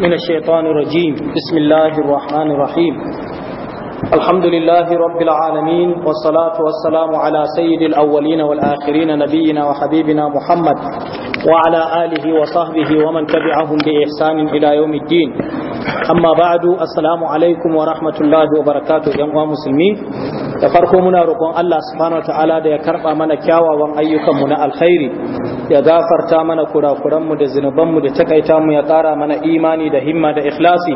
من الشيطان الرجيم بسم الله الرحمن الرحيم الحمد لله رب العالمين والصلاة والسلام على سيد الأولين والآخرين نبينا وحبيبنا محمد وعلى آله وصحبه ومن تبعهم بإحسان إلى يوم الدين amma ba'du assalamu alaikum wa rahmatullahi wa barakatuh yan uwa musulmi da farko muna roƙon Allah subhanahu wa ta'ala da ya karba mana kyawawan ayyukan mu na alkhairi ya gafarta mana kurakuran mu da zinuban mu da takaita mu ya ƙara mana imani da himma da ikhlasi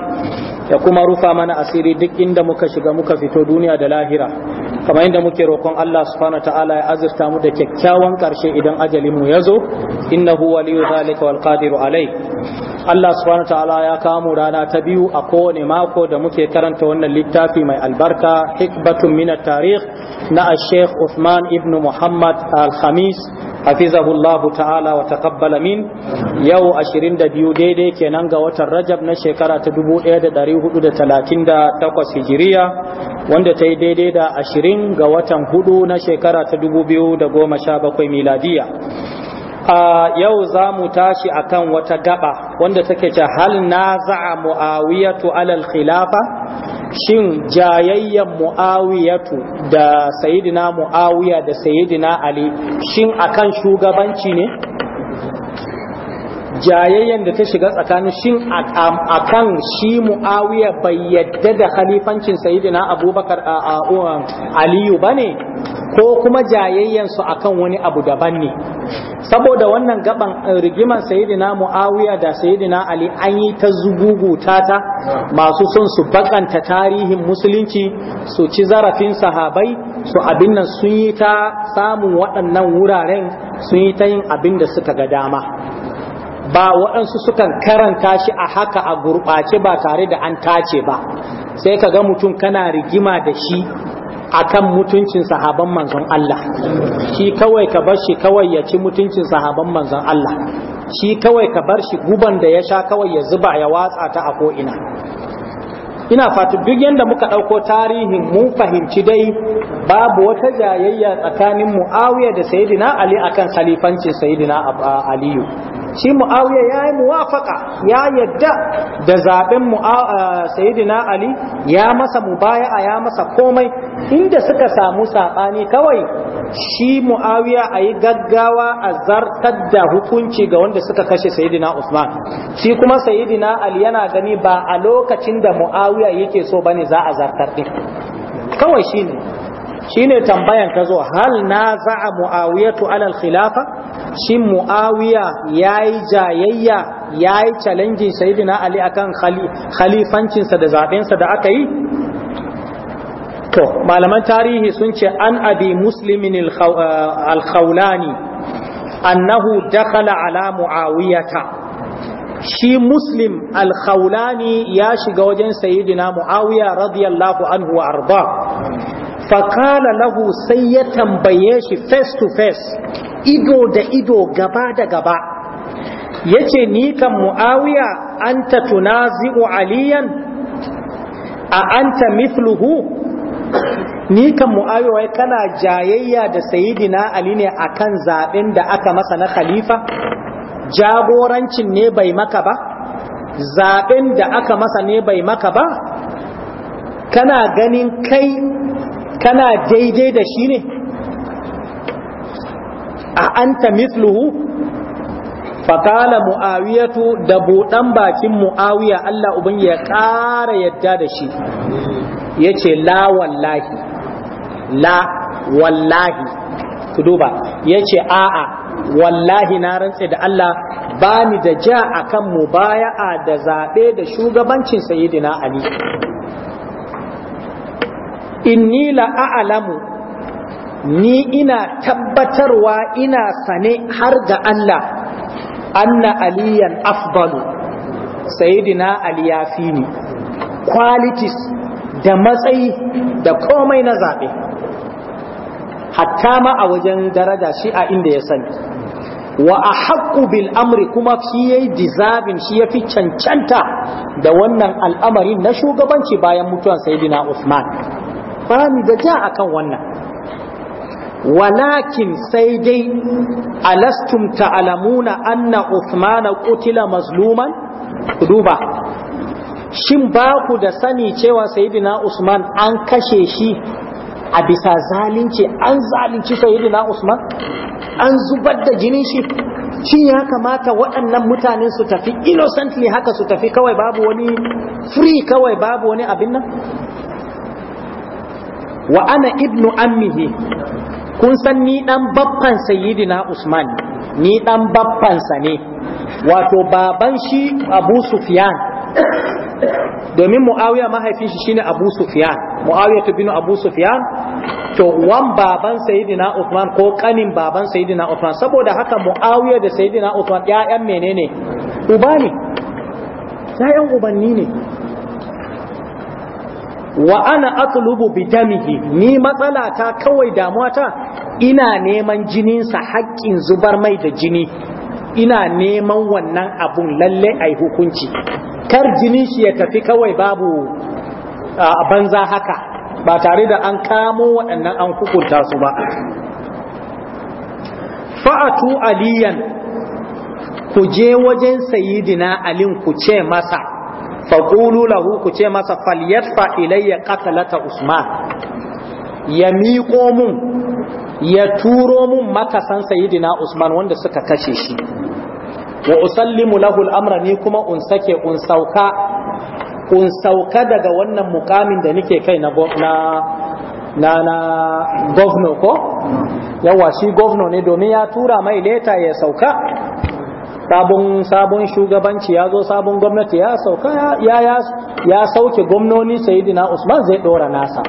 ya kuma rufa mana asiri duk inda muka shiga muka fito duniya da lahira kamar yadda muke roƙon Allah subhanahu ta'ala ya azurta mu da kyakkyawan karshe idan ajalin mu yazo innahu waliyu zalika wal qadiru alai Allah subhanahu ta'ala ya kawo rana ta biyu a kowane mako da muke karanta wannan littafi mai albarka hikbatun min tarikh na Sheikh Uthman ibn Muhammad Al-Khamis hafizahullahu ta'ala wa taqabbala min yau ashirin da biyu daidai kenan ga watan Rajab na shekara ta dubu da da da talatin 1438 Hijiriya wanda ta yi daidai da ashirin ga watan hudu na shekara ta da goma sha bakwai miladiya a yau za mu tashi akan wata gaba wanda take ce hal na za'a mu'awiyatu alal khilafa shin jayayyen mu'awiyatu da sayidina mu'awiya da sayidina ali shin akan shugabanci ne jayayyen da ta shiga tsakanin shin a kan shi mu'awiya bai yadda da khalifancin sayidina abubakar a aliyu ba ne ko kuma jayayyen su akan wani abu daban ne saboda wannan gaban eh, rigiman sayidina mu'awiya da sayidina ali an yi ta zugugu ta masu son su bakanta tarihin musulunci su ci zarafin sahabai su abin nan sun yi ta samun waɗannan wuraren sun yi ta yin abin da suka ga dama ba waɗansu sukan karanta shi a haka a gurɓace ba tare da an tace ba sai ka ga mutum kana rigima da shi akan mutuncin sahaban manzon Allah shi kawai ka bar shi kawai ya ci mutuncin sahaban manzon Allah shi kawai ka bar shi guban da ya sha kawai ya zuba ya watsa ta a ko'ina ina fata duk yadda muka ɗauko tarihin mun fahimci dai babu wata jayayya tsakanin mu'awiya da sayidina ali akan khalifancin sayidina aliyu shi muawiya ya yi muwafaka ya yadda da zaben eh, sayidina ali ya masa a ya masa komai inda suka samu saɓani kawai shi muawiya a yi gaggawa a zartar da hukunci ga wanda suka kashe sayidina usman shi kuma sayidina ali yana gani ba a lokacin da muawiya yake so bane za a zartar din kawai shine shine tambayan ta zo hal na za'a mu'awiyatu alal khilafa shin mu'awiya yayi jayayya yayi challenging sayyidina ali akan khalifancinsa da zabensa da aka yi to malaman tarihi sun ce an abi muslimin uh, al-khawlani annahu dakhala ala mu'awiyata shi muslim alkhawlani ya shiga wajen sayyidina muawiya radiyallahu anhu wa arda Fakala lahu sai ya tambaye shi face to face ido da ido gaba da gaba ya ce ni kan mu'awiya an ta tunazi'u aliyan a an ta mithluhu ni kan mu'awiya kana jayayya da sayidina ali ne akan zaɓen da aka masa na khalifa jagorancin ne bai maka ba zaɓen da aka masa ne bai maka ba kana ganin kai kana daidai da shi ne a an ta misluhu fakala mu'awiyatu da buɗan bakin mu'awiya Allah ubin ya ƙara yadda da shi ya ce la wallahi la wallahi ku duba ya ce a'a wallahi na rantse da Allah ba ni da ja a akan mubaya'a da zaɓe da shugabancin sayidina Ali inni la a'lamu ni ina tabbatarwa ina sane har ga Allah anna aliyan afdalu sayidina ali ya ni qualities da matsayi da komai na zaɓe. hatta ma a wajen daraja shi a inda ya sani wa a haƙƙu bil amri kuma shi ya yi dizabin shi ya fi cancanta da wannan al'amarin na shugabanci bayan mutuwar sayidina Usman. bani da ja kan wannan walakin sai dai alastum ta'lamuna anna Uthmana qutila mazluman duba shin ba ku da sani cewa sayyidina Usman an kashe shi a bisa zalunci an zalunci sayyidina Usman an zubar da jinin shi shin ya kamata waɗannan mutanen su tafi innocently haka su tafi kawai babu wani free kawai babu wani abin nan wa ana ibnu ammihi kun san ni dan babban sayyidina usman ni dan sa ne wato baban shi abu sufyan domin muawiya mahaifin shi shine abu sufyan muawiya ta binu abu sufyan to wan baban sayyidina usman ko kanin baban sayyidina usman saboda haka muawiya da sayyidina usman ƴaƴan menene uba ne ƴaƴan ubanni ne wa ana atlubu bi damihi ni matsala ta kawai damuwa ta ina neman jininsa haƙƙin zubar mai da jini ina neman wannan abun lalle ai hukunci kar jinin shi ya tafi kawai babu a banza haka ba tare da an kamo waɗannan an hukunta su ba fa'atu aliyan ku je wajen sayidina alin ku ce masa faƙulu lahu ku ce masa falyatfa ilayya qatalata usman ya miƙo mun ya turo mun makasan sayidina usman wanda suka kashe shi wa usallimu lahu al'amra ni kuma un sake un sauka un sauka daga wannan mukamin da nake kai na na na govno ko yawa shi govno ne domin ya tura mai leta ya sauka sabon shugabanci ya zo sabon gwamnati ya sauka ya ya ya sauke gwamnoni Sayyidina Usman zai dora nasa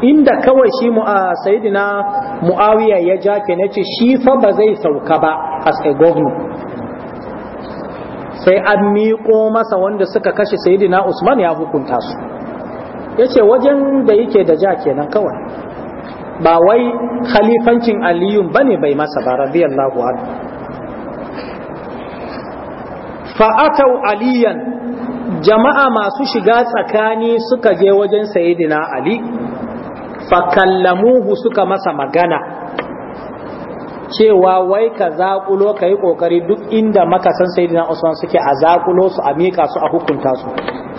inda kawai shi mu Sayyidina Muawiya ya ja ke nace shi fa ba zai sauka ba as a governor sai an miƙo masa wanda suka kashe Sayyidina Usman ya hukunta su yace wajen da yake da ja kenan kawai ba wai khalifancin aliyun bane bai masa ba radiyallahu anhu fa'atau aliyan jama'a masu shiga tsakani suka je wajen sayidina ali fakallamuhu suka masa magana cewa wai ka zaƙulo ka yi ƙoƙari duk inda makasan sayidina usman suke a zaƙulo su a miƙa su a hukunta su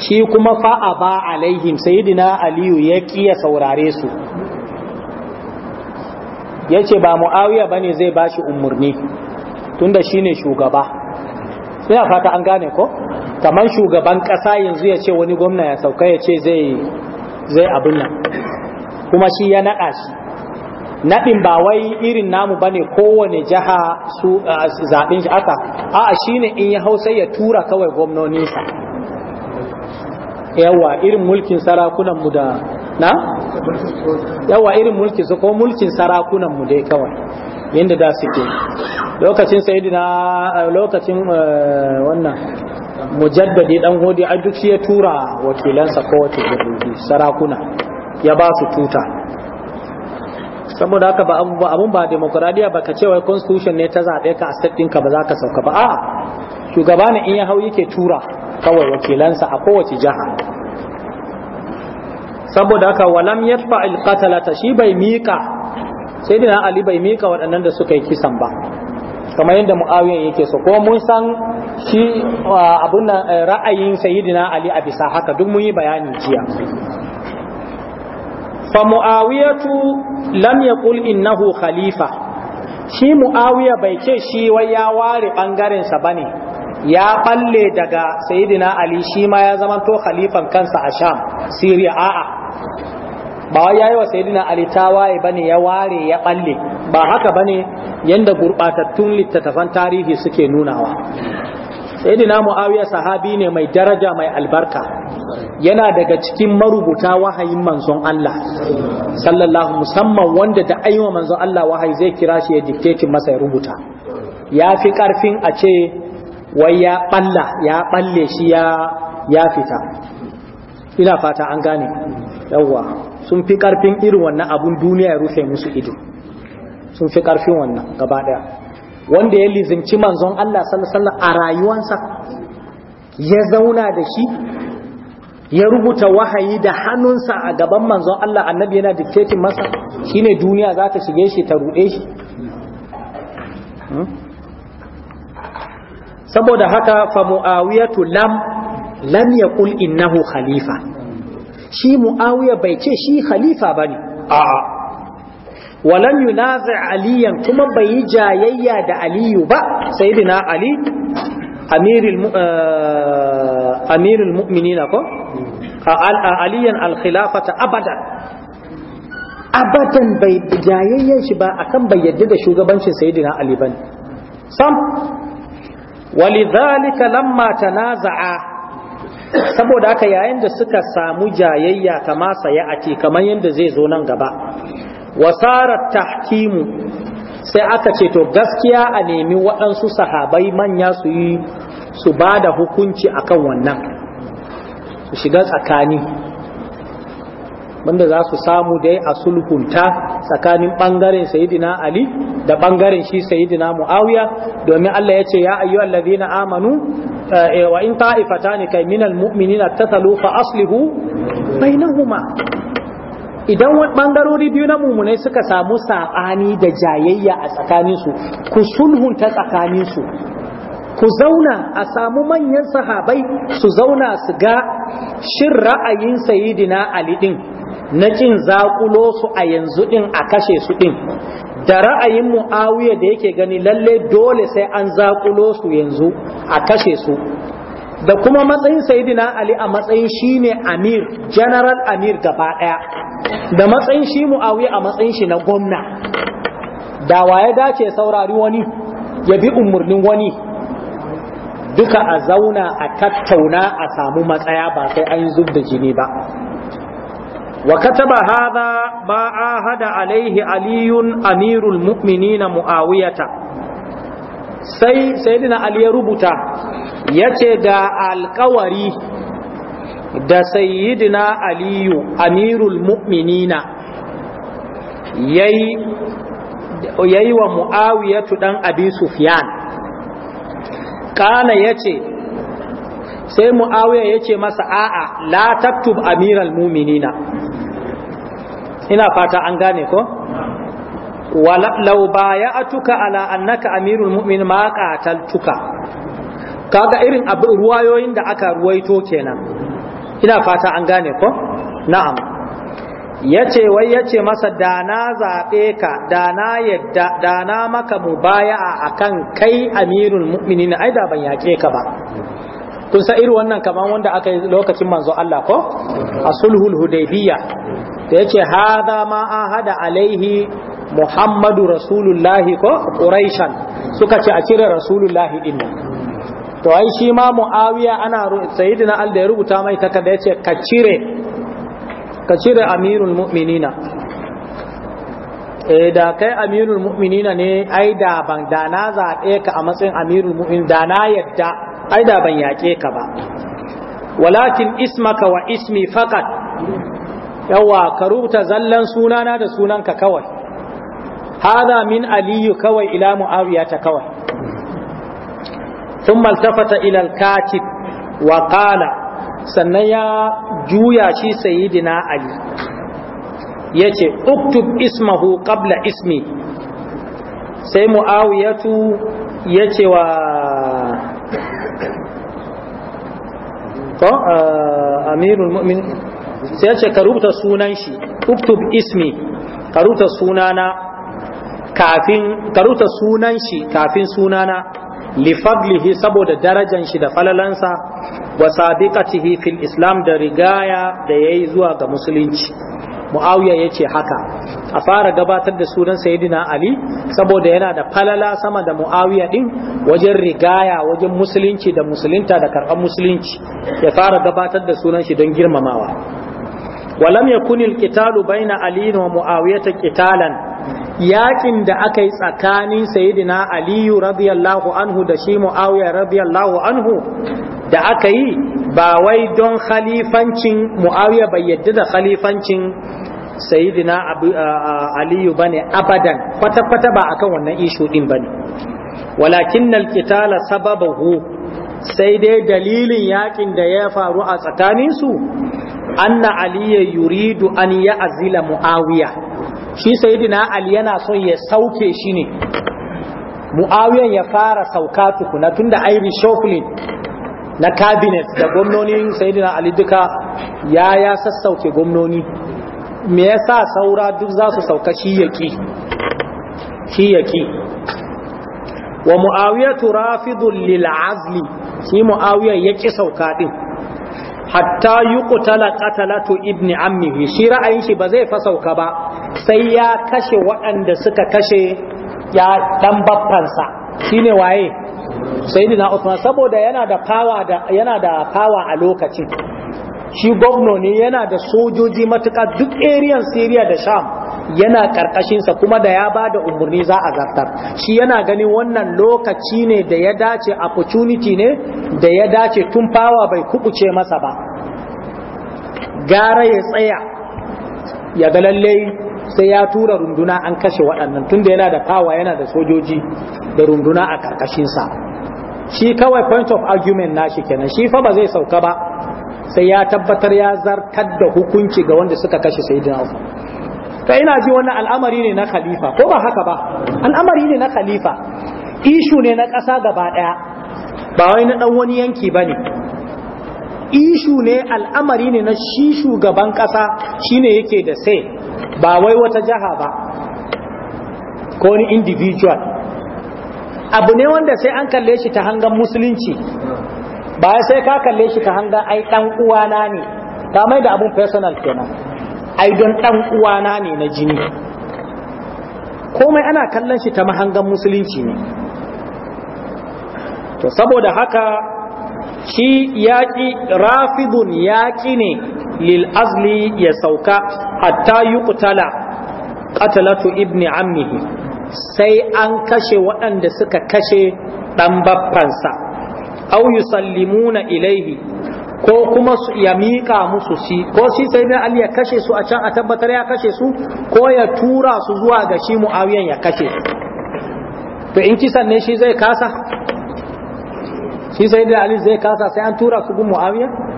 shi kuma fa'a ba alaihim sayidina aliyu ya ƙiya saurare su ya ce ba mu'awiya bane zai bashi shi umarni tunda shi ne shugaba ina fata an gane ko kamar shugaban kasa yanzu ya ce wani gwamna ya sauka ya ce zai abin nan kuma shi ya naɗa shi naɗin ba wai irin namu ba ne kowane jiha su zaɓin shi aka a'a shi ne in ya hau ya tura kawai gwamnoninsa yawa irin mulkin sarakunanmu da na yawa irin mulkin su ko mulkin sarakunanmu dai kawai yadda da suke lokacin sayidina eh, lokacin eh, wannan mujaddadi dan hodi a duk ya tura wakilansa ko wace sarakuna ya ba su tuta saboda haka ba abun ba demokradiya ba ka cewa constitution ne ta zaɓe ka a state ɗinka ba za ka sauka ba a shugaba ne in ya hau yake tura kawai wakilansa a kowace jiha saboda haka walam yadfa alqatalata shi bai mika sai dina ali bai mika waɗannan da suka yi kisan ba kamar yadda mu'awiyan yake so ko mun san shi da eh, ra'ayin sayyidina ali a bisa haka duk mun yi bayani jiya fa mu'awiyatu lam yaqul innahu khalifa shi mu'awiya bai ce shi wai ya ware bangaren sa bane ya ɓalle daga sayyidina ali shi ma ya zamanto khalifan kansa a sham siriya a'a ba wai yayi wa sayyidina ali tawaye bane ya ware ya balle ba haka bane yanda gurbatattun littattafan tarihi suke nunawa sayyidina muawiya sahabi ne mai daraja mai albarka yana daga cikin marubuta wahayin manzon Allah sallallahu musamman wanda da aiwa manzon Allah wahayi zai kira shi ya dictate masa ya rubuta ya fi karfin a ce wai ya balla ya balle shi ya ya fita ina fata an gane yawwa sun fi karfin irin wannan abun duniya ya rufe musu ido sun fi karfin wannan gaba daya wanda ya lizinci manzon Allah sallallahu alaihi a rayuwansa ya zauna da shi ya rubuta wahayi da hannunsa a gaban manzon Allah annabi yana dictating masa shine duniya za ta shige shi ta rude shi hmm? saboda haka fa muawiyatu lam lam yaqul innahu khalifa shi mu'awiyar bai ce shi khalifa bane a'a walam yunazi aliyan kuma bai yi jayayya da aliyu ba sayyidina ali amirul eh, mu'minina ko aliyan al-khilafata abadan abadan bai jayayyan shi ba akan bai yadda da shugabancin sayyidina ali ba ne. sam walidhalika lamma tanaza'a saboda haka yayin da suka samu jayayya kama saya ake kamar yadda zai zo nan gaba wasarar tahkimu sai aka ce to gaskiya a nemi waɗansu sahabai manya su yi su ba da hukunci akan wannan su shiga tsakani wanda za su samu dai a sulhunta tsakanin bangaren sayyidina ali da bangaren shi sayyidina muawiya domin Allah ya ce ya ayyuhal ladina amanu eh, eh, wa in ta'ifatan kai minal mu'minina tatalu fa aslihu bainahuma idan bangarori biyu na mummunai suka samu saɓani da jayayya a tsakaninsu ku sulhunta tsakanin su ku zauna a samu manyan sahabai su zauna su ga shin ra'ayin sayidina Ali din na cin zakulo su a yanzu ɗin a kashe su din da ra'ayin mu'awiya da yake gani lalle dole sai an zakulo su yanzu a kashe su da kuma matsayin sayidina ali a matsayin shi ne amir general amir gaba ɗaya. da matsayin shi mu'awiya a matsayin shi na gwamna da waye dace saurari wani ya bi umarnin wani duka a zauna a tattauna a samu matsaya ba sai an zub da jini ba وكتب هذا ما عاهد عليه علي أمير المؤمنين mu'awiyata sai sayyidina ali ya rubuta yace da alƙawari da sayyidina aliyu amirul mu'minina yayi yayi wa muawiyatu dan abi sufyan kana yace sai mu'awiya ya ce masa a'a la taktub amiral muminina ina fata an gane ko walau a atuka ala annaka amirul mu'min ma qataltuka kaga irin abu ruwayoyin da aka ruwaito kenan ina fata an gane ko na'am Ya ce wai ya ce masa da na zabe ka da na yadda da na maka mubaya'a kan kai amirul mu'minin ai da ban yaƙe ka ba kun sa iri wannan kaman wanda aka yi lokacin manzo Allah ko a sulhul hudaybiya da yace hada ma ahada alaihi muhammadu rasulullahi ko quraishan suka ce a cire rasulullahi din to ai shi ma muawiya ana sayyidina al da ya rubuta mai takarda yace ka cire ka cire amirul mu'minina eh da kai amirul mu'minina ne ai da ban da na zaɓe ka a matsayin amirul mu'min da na yadda ai da ban yaƙe ka ba walakin ismaka wa ismi faqat yawa ka rubuta zallan sunana da sunanka kawai hada min aliyu kawai ila muawiya ta kawai thumma altafata ila al wa qala sannan ya juya shi sayyidina ali yace uktub ismahu qabla ismi sai muawiyatu yace wa ko ah, amirul mu'min sai ya ce ka rubuta sunan shi uktub ismi ka rubuta sunana kafin ka rubuta sunan shi kafin sunana li fadlihi saboda darajan shi da falalansa wa sabiqatihi fil islam da rigaya da yayi zuwa ga musulunci muawiya yace haka a fara gabatar da sunan sayyidina ali saboda yana da falala sama da muawiya din wajen rigaya wajen musulunci da musulunta da karɓar musulunci ya fara gabatar da sunan shi don girmamawa walam yakun alqitalu baina ali wa muawiya qitalan yakin da aka yi tsakanin sayyidina ali radiyallahu anhu da shi muawiya radiyallahu anhu da aka yi ba wai don khalifancin muawiya bai yadda da khalifancin sayidina aliyu bane abadan kwata-kwata ba akan wannan ishu din bane walakin alqitala sababahu sai dai dalilin yakin da ya faru a tsakaninsu anna aliyu yuridu an ya'zila muawiya shi sayidina ali yana son ya sauke shi ne muawiyan ya fara sauka tukuna tunda irish reshuffling na cabinet da gwamnoni sayidina ali duka ya ya sassauke gwamnoni me yasa saura duk za su sauka shi yaki shi wa mu'awiyatu rafidun lil azli shi mu'awiya yaki sauka din hatta yuqtala qatalatu ibni ammihi shi ra'ayin shi ba zai fa sauka ba sai ya kashe waɗanda suka kashe ya dan baffansa shine waye sayyidina Uthman saboda yana da fawa da yana da fawa a lokacin shi gwamno ne yana da sojoji matuƙa duk ariyan Siriya da Sham yana ƙarƙashinsa kuma da ya ba da umarni za a zartar shi yana ganin wannan lokaci ne da ya dace opportunity ne da ya dace tun fawa bai kubuce masa ba gara ya tsaya ya ga lallai sai ya tura runduna an kashe waɗannan tunda yana da fawa yana da sojoji da runduna a ƙarƙashinsa shi kawai point of argument na shi kenan shi fa ba zai sauka ba sai ya tabbatar ya zartar da hukunci ga wanda suka kashe sayyidina Usman to ina ji wannan al'amari ne na khalifa ko ba haka ba al'amari ne na khalifa ishu ne na ƙasa gaba daya ba wai na ɗan wani yanki ba ishu ne al'amari ne na shi shugaban ƙasa shine yake da sai ba wai wata jaha ba ko ni individual abu ne wanda sai an kalle shi ta hangan musulunci ba sai ka kalle shi ka hanga ai dan uwana ne ka mai da abun personal kenan ai don dan uwana ne na jini komai ana kallon shi ta mahangan musulunci ne to saboda haka shi yaƙi rafidun yaƙi ne lil azli ya sauka hatta yuqtala qatalatu ibni ammihi sai an kashe waɗanda suka kashe ɗan baffansa aw yusallimuna ilaihi ko kuma su ya miƙa musu shi ko shi sai dai Ali ya kashe su a can a tabbatar ya kashe su ko ya tura su zuwa ga shi Muawiyan ya kashe to in kisan ne shi zai kasa shi sai da Ali zai kasa sai an tura su gun mu'awiyan.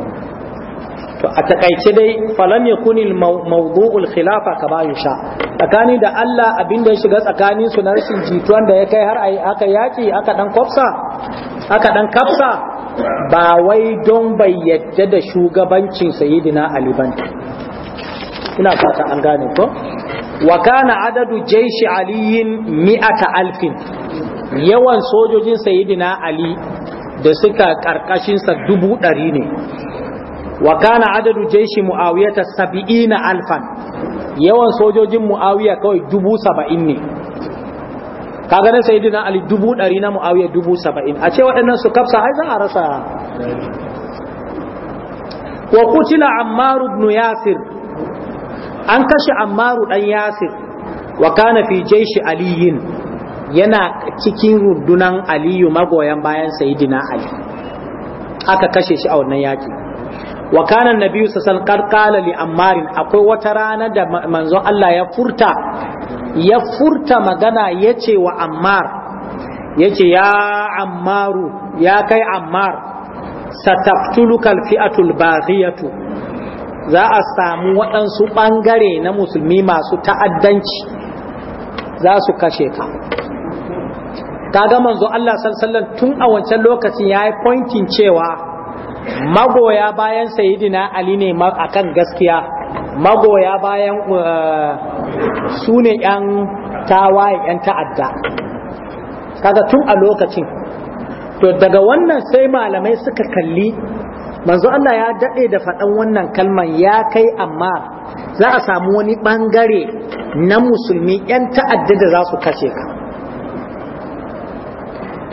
to a takaice dai falam yakunil mawdu'ul khilafa kama yusha tsakani da Allah abinda ya shiga tsakanin su na rashin jituwan da ya kai har ai aka yaki aka dan kofsa aka dan kafsa ba wai don bai yadda da shugabancin sayyidina Ali ban ina fata an gane ko wa kana adadu jaishi aliyin mi'ata alfin yawan sojojin sayyidina Ali da suka karkashin sa dubu ɗari ne wa kana adadu jaishi mu'awiyata ta saba'ina alfan yawan sojojin muawiya kawai dubu saba'in ne kaga na sayyidina ali dubu ɗari na muawiya dubu saba'in a ce waɗannan su kafsa ai za a rasa wa kutila ammaru ibn yasir an kashe ammaru dan yasir wa kana fi jaishi aliyin yana cikin rundunan aliyu magoyan bayan sayidina ali aka kashe shi a wannan yaki wa kana annabiyyu sallallahu alaihi li ammarin akwai wata rana da manzon Allah ya furta ya furta magana yace wa ammar yace ya ammaru ya kai ammar sataftuluka alfi'atul baghiyatu za a samu waɗansu ɓangare na musulmi masu ta'addanci za su kashe ka kaga manzo Allah sallallahu alaihi wasallam tun a wancan lokacin yayi pointing cewa magoya bayan sayidina ali ne akan gaskiya magoya bayan eh, sune ne yan tawaye yan ta'adda kaga tun a lokacin to daga wannan sai malamai suka kalli manzo Allah ya daɗe da faɗan wannan kalman ya kai amma za a samu wani ɓangare na musulmi 'yan ta'adda da za su kashe ka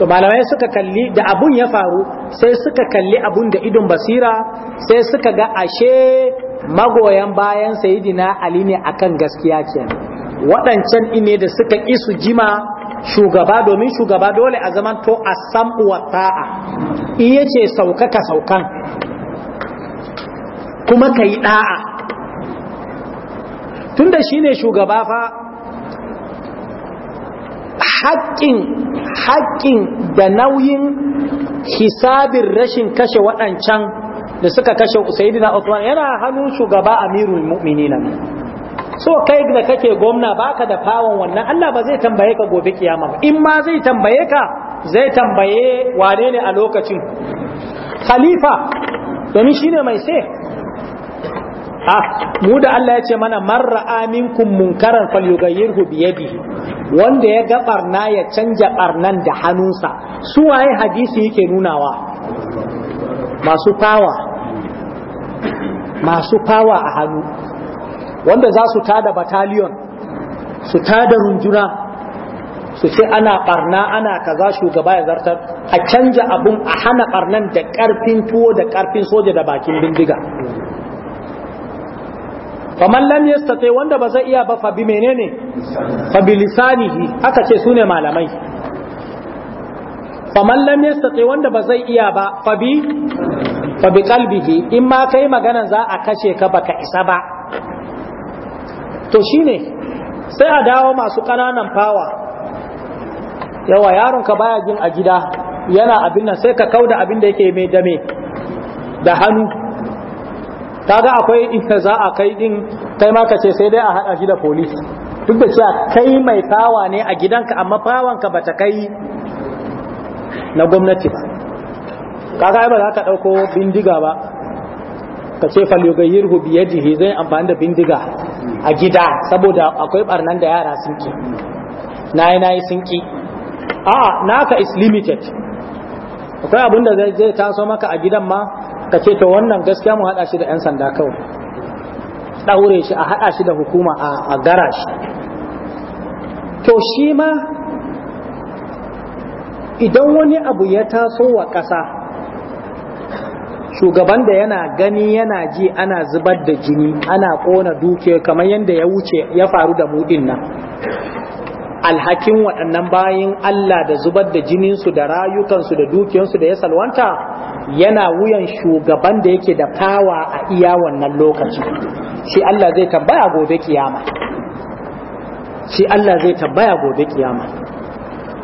to malamai suka kalli da abun ya faru sai suka kalli abun da idon basira sai suka ga ashe magoyan bayan sayidina ali ne akan gaskiya ce. waɗancan ine da suka ƙi jima shugaba domin shugaba dole a zaman to a sam'u wa ta'a iya ce saukaka saukan kuma ka yi ɗa'a tunda shi ne shugaba fa haƙƙin haƙƙin da nauyin hisabin rashin kashe waɗancan da suka kashe Usaidina Usman yana hannun shugaba Amirul Mu'minina so kai da kake gwamna baka da fawon wannan Allah ba zai tambaye ka gobe kiyama ba in ma zai tambaye ka zai tambaye wane ne a lokacin khalifa domin shine mai sai a mu da Allah ya ce mana marra aminkum munkaran falyughayyirhu bi yadihi wanda ya ga barna ya canja barnan da hannunsa su waye hadisi yake nunawa masu fawa masu fawa a hannu wanda za su tada battalion su tada runduna su ce ana barna ana kaza shugaba ya zartar a canja abun a hana barnan da karfin tuwo da karfin soja da bakin bindiga wa man lam yastati wanda ba zai iya ba fa bi menene fa bi lisanihi aka ce sune malamai fa man lam yastati wanda ba zai iya ba fa bi fa bi qalbihi in ma kai magana za a kashe ka baka isa ba to shine sai a dawo masu kananan fawa yawa yaron ka baya jin a gida yana abin nan sai ka kauda abin da yake mai dame da hannu kaga akwai inda za a kai din kai ma kace sai dai a hada shi da police duk da cewa kai mai fawa ne a gidanka amma fawanka ba ta kai na gwamnati ba kaga ba za ka dauko bindiga ba ka ce falyughayyirhu bi yadihi zai amfani da bindiga a gida saboda akwai barnan da yara sun ki nayi nayi sun ki a'a naka is limited akwai abin da zai taso maka a gidan ma ka ce to wannan gaskiya mu haɗa shi da 'yan sanda kawai ɗaure shi a haɗa shi da hukuma a gara shi to shi ma idan wani abu ya taso wa ƙasa shugaban da yana gani yana ji ana zubar da jini ana ƙona duke kamar yadda ya wuce ya faru da buɗin nan alhakin waɗannan bayin Allah da zubar da jininsu da rayukansu da dukiyansu da ya salwanta yana wuyan shugaban da yake da fawa a iya wannan lokaci shi Allah zai tambaya gobe kiyama shi Allah zai tambaya gobe kiyama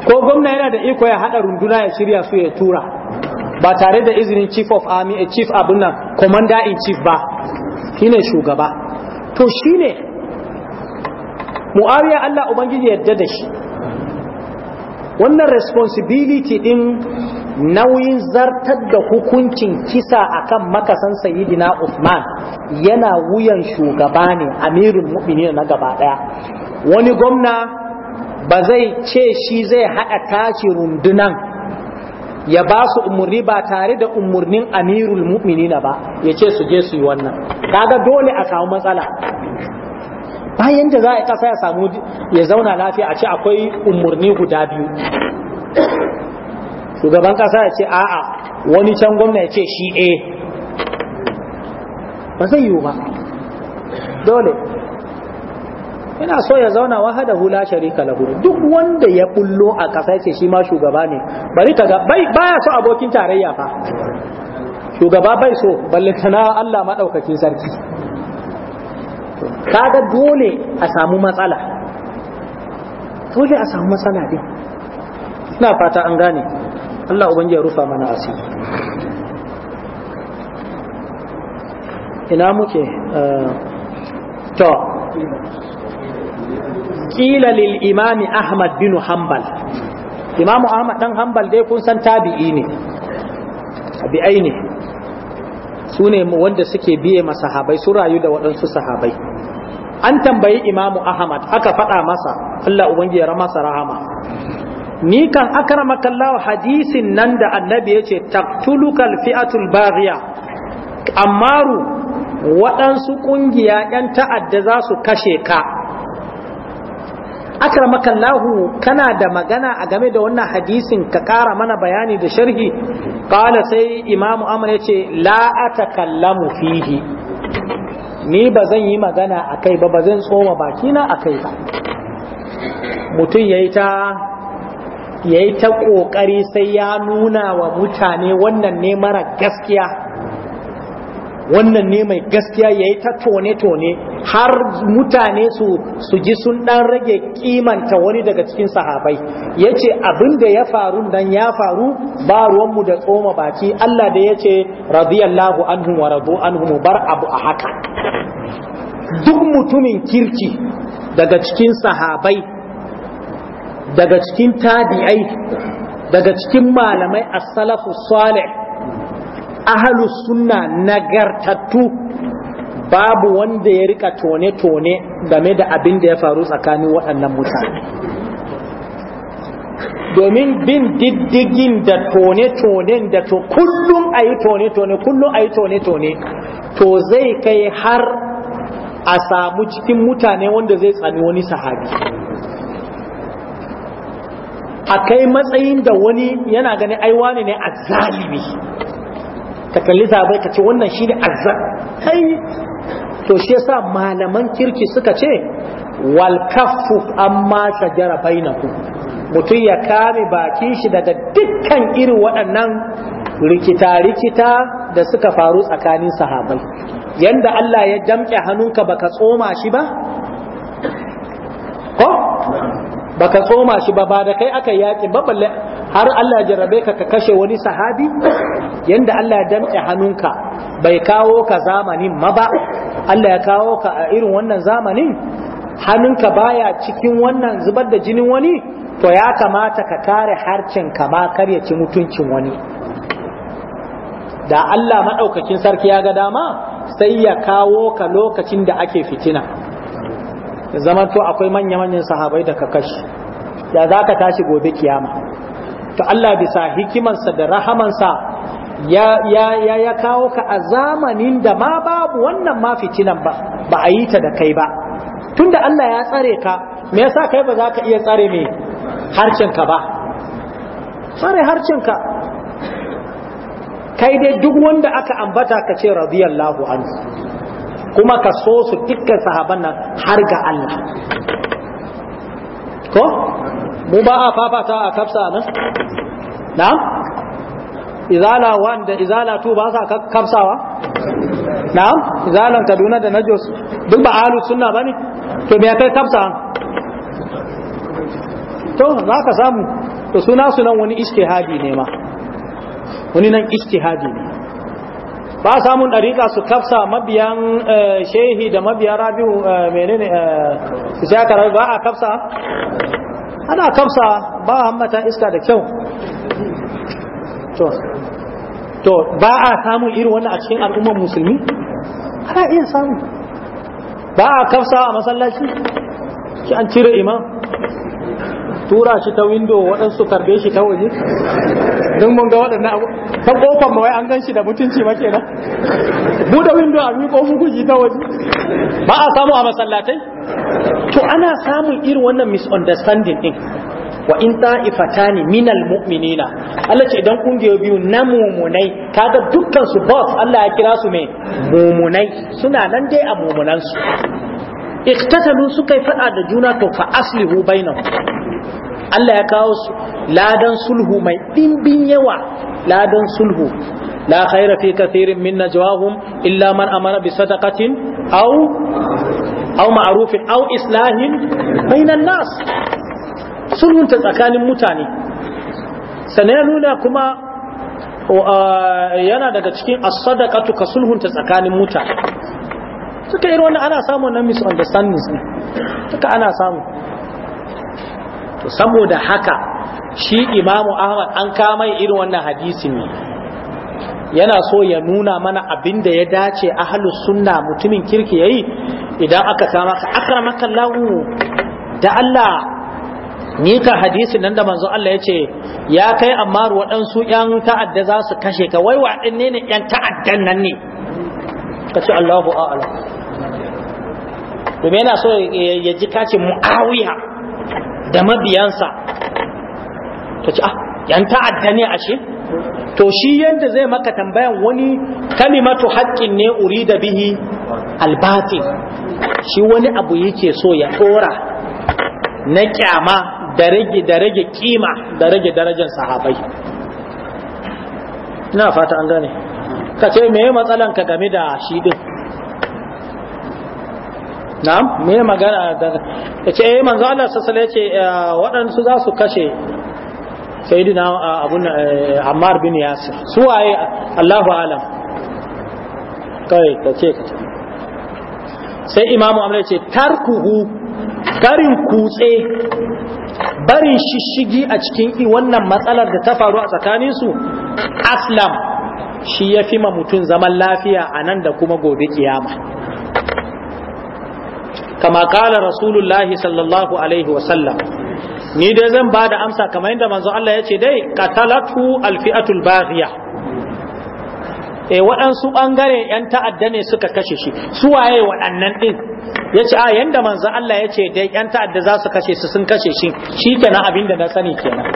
ko gwamna yana da iko ya haɗa runduna ya shirya su ya tura ba tare da izinin chief of army a chief abin nan commander in chief ba shine shugaba to shine mu'awiya Allah ubangiji yadda da shi wannan responsibility din nauyin zartar da hukuncin kisa akan makasan sayyidina Uthman yana wuyan shugaba ne amirul mu'minin na gaba daya wani gwamna ba zai ce shi zai hada tashi rundunan ya ba su umarni ba tare da umarnin amirul mu'minin ba ya ce su je su yi wannan kaga dole a samu matsala bayan da za a kasa ya samu ya zauna lafiya a ce akwai umarni guda biyu shugaban kasa ya ce a'a wani can gwamna ya ce shi a ba zai yiwu ba dole ina so ya zauna wahada hula sharika lahu duk wanda ya bullo a kasa ya ce shi ma shugaba ne bari ka ga baya so abokin tarayya fa shugaba bai so ballantana Allah maɗaukacin sarki kaga dole a samu matsala dole a samu matsala din ina fata an gane Allah ubangiji ya rufa mana asiri ina muke eh, to kila lil imami ahmad bin hanbal imamu ahmad dan hanbal dai kun san tabi'i ne tabi'ai ne su ne wanda suke biye ma sahabai su rayu da waɗansu sahabai an tambayi imamu ahmad aka faɗa masa allah ubangi ya masa rahama ni kan akrama kallahu hadisin nan da annabi ya ce taktulukal fi'atul baghiya ammaru waɗansu ƙungiya ‘yan ta'adda za su kashe ka’ akramakallahu kana da magana a game da wannan hadisin ka kara mana bayani da sharhi qala sai imamu amr yace la atakallamu fihi ni ba zan yi magana akai ba ba zan tsoma bakina akai ba mutum yayi ta yayi ta kokari sai ya nuna wa mutane wannan ne mara gaskiya wannan ne mai gaskiya ya yi ta tone-tone har mutane su su ji sun dan rage kimanta wani daga cikin sahabai ya ce abin da ya faru dan ya faru ba ruwan mu da tsoma baki Allah da ya ce radiyallahu anhu wa radu anhu bar abu a haka duk mutumin kirki daga cikin sahabai daga cikin tabi'ai daga cikin malamai as-salafu salih ahalus sunna nagartattu babu wanda ya rika tone-tone game da abin da ya faru tsakanin waɗannan mutane domin bin diddigin da tone-tonen da to kullum a yi tone-tone kullum a yi tone-tone to zai kai har a samu cikin mutane wanda zai tsani wani sahabi a kai matsayin da wani yana ganin aiwa ne a zalimi ka kalli sahabbai ka ce wannan ne azza kai to shi sa malaman kirki suka ce Walkaffu an amma shajara ku mutum ya kame bakin shi daga dukkan irin waɗannan rikita-rikita da suka faru tsakanin sahabai yanda Allah ya damƙe hannunka baka tsoma shi ba baka tsoma shi ba ba da kai aka yaƙi ba balle har Allah jarrabe ka ka kashe wani sahabi yanda Allah ya damƙe hannunka bai kawo ka zamanin ma ba Allah ya kawo ka a irin wannan zamanin hannunka baya cikin wannan zubar da jinin wani to ya kamata ka kare harcin ka ma kar ya ci mutuncin wani da Allah maɗaukakin sarki ya ga dama sai ya kawo ka lokacin da ake fitina da zaman to akwai manya-manyan sahabai da ka kashi ya za ka tashi gobe kiyama to Allah bisa hikimansa da rahamansa ya, ya, ya, kawo ka a zamanin da ma babu wannan ma fitinan ba ba a yi ta da kai ba tunda Allah ya tsare ka me yasa kai ba za ka iya tsare me harcinka ba tsare harcinka kai dai duk wanda aka ambata ka ce radiyallahu anhu kuma ka so su dukkan sahaban nan har ga Allah ko mu ba a fafata a kafsa nan na izala wanda da izala tu ba sa kafsawa na izalan kaduna da najos duk ba alu sunna bane to me kai kafsa to za ka samu to suna sunan wani istihadi ne ma wani nan istihadi ne ba samun ɗariƙa su kafsa mabiyan eh, shehi da mabiya rabiu eh, menene eh, su shakarar ba a kafsa ana kafsa ba hammata iska da kyau to ba a samun irin wannan a cikin al'ummar musulmi ana iya samu ba a kafsa a masallaci ki an cire imam tura shi ta window waɗansu karbe shi ta waje don mun ga waɗannan abu ta kofar mawai an gan shi da mutunci ba nan, buɗe window a miƙo guji ta waje ba a samu a masallatai to ana samun irin wannan misunderstanding din wa in ne minal mu'minina Allah ce idan kungiyoyi biyu na mumunai kaga dukkan su boss Allah ya kira su me mumunai suna nan dai a mumunan su iktatalu suka yi fada da juna to fa aslihu bainahu Allah ya kawo su ladan sulhu mai dimbin yawa ladan sulhu la khaira fi kathirin min najwahum illa man amara bi sadaqatin aw aw ma'rufin aw islahin bainan nas sulhun ta tsakanin mutane sanaya nuna kuma yana daga cikin as-sadaqatu ka sulhunta tsakanin mutane suka irin wannan ana samun na misunderstandings ne suka ana samu to saboda haka shi imamu ahmad an kamai irin wannan hadisi ne yana so ya nuna mana abin da ya dace ahalus sunna mutumin kirki yayi idan aka kama ka akramaka lahu da Allah ni ka hadisi nan da manzo Allah ya ce ya kai amma waɗansu ‘yan ta'adda za su kashe ka wai waɗanne ne ‘yan ta'addan nan ne ka ce Allahu a'ala domin yana so ya ji kacin mu'awiya da mabiyansa to ci ah yan ta'adda ne ashe to shi yadda zai maka tambayan wani kalimatu haƙƙin ne uri da bihi albatin shi wani abu yake so ya tora na kyama da rage da rage kima da rage darajar sahabai ina fata an gane ka ce me matsalan ka game da shi din na'am me magana da yace eh manzo Allah sallallahu alaihi yace ah, waɗansu za su kashe sayyidina ah, abun eh, Ammar bin Yasir su waye Allahu alam kai ka ce ka sai imamu amr yace tarkuhu barin kutse barin shishigi a cikin wannan matsalar da ta faru a tsakanin su aslam shi ya fi ma mutum zaman lafiya a nan da kuma gobe kiyama kama kala rasulullahi sallallahu alaihi wasallam ni dai zan ba da amsa kamar yadda manzo Allah ya ce dai qatalatu alfi'atul baghiya eh waɗansu ɓangare 'yan ta'adda ne suka kashe shi su waye waɗannan ɗin ya ce a yadda manzo Allah ya ce dai 'yan ta'adda za su kashe su sun kashe shi shi kenan abinda na sani kenan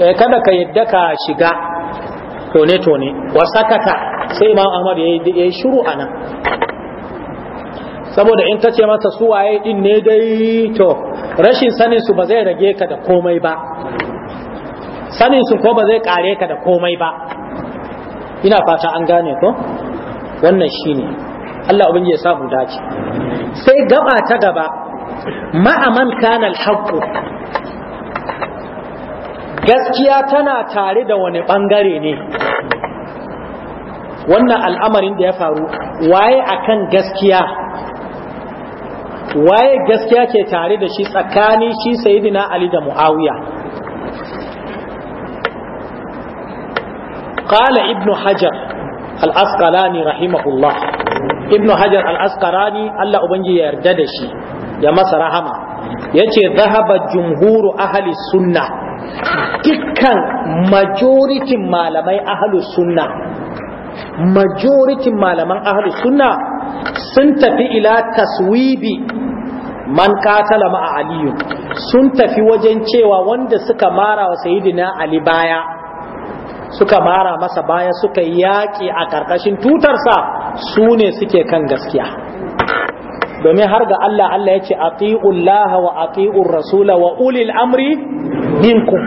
eh kada ka yadda ka shiga tone tone wa sakata sai imam Ahmad ya yi shiru anan saboda in kace masa su waye din ne dai to rashin sanin su ba zai rage ka da komai ba sanin su ko ba zai kare ka da komai ba ina fata an gane ko wannan shine Allah ubin ya sa mu dace sai gaba ta gaba ma'aman kana alhaqu gaskiya tana tare da wani bangare ne wannan al'amarin da ya faru waye akan gaskiya waye gaskiya ke tare da shi tsakani shi sayidina ali da muawiya qala ibnu hajar al-asqalani rahimahullah ibnu hajar al-asqalani Allah ubangi ya yarda da shi ya masa rahama yace zahaba jumhuru ahli sunna dukkan majoritin malamai ahli sunna majoritin malaman ahli sunna sun tafi ila taswibi man katala ma aliyu sun tafi wajen cewa wanda suka mara wa sayidina ali baya suka mara masa baya suka yaƙi a ƙarƙashin tutarsa su ne suke kan gaskiya domin har ga Allah Allah ya ce wa ati'ur rasula wa ulil amri minkum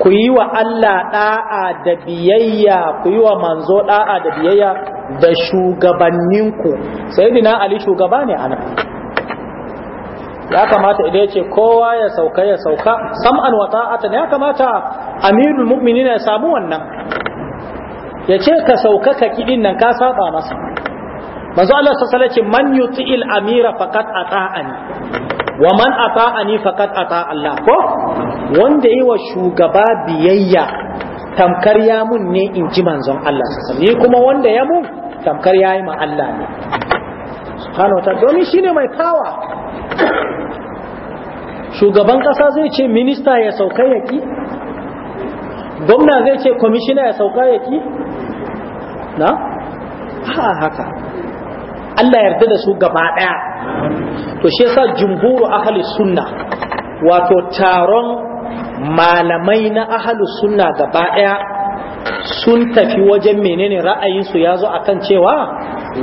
ku yi wa Allah ɗa'a da biyayya ku yi wa manzo ɗa'a da biyayya da shugabanninku sai dina Ali shugaba ne ana ya kamata idan ya ce kowa ya sauka ya sauka sam'an wa ta'atan ya kamata amirul mu'minina ya samu wannan ya ce ka sauka ka kidin nan ka saba masa manzo Allah sallallahu alaihi wasallam man yuti'il amira faqat ata'ani wa man ata'ani faqad ata Allah ko wanda yi wa shugaba biyayya tamkar ya mun ne in ji manzon Allah ni kuma wanda ya mun tamkar yayi ma Allah ne subhanahu ta domin shine mai kawa shugaban kasa zai ce minista ya sauka yaki gwamna zai ce kwamishina ya sauka yaki na ha haka Allah yarda da su gaba daya to shi yasa jumhuru ahli sunna wato taron malamai na ahli sunna gaba daya sun tafi wajen menene ra'ayinsu ya zo akan cewa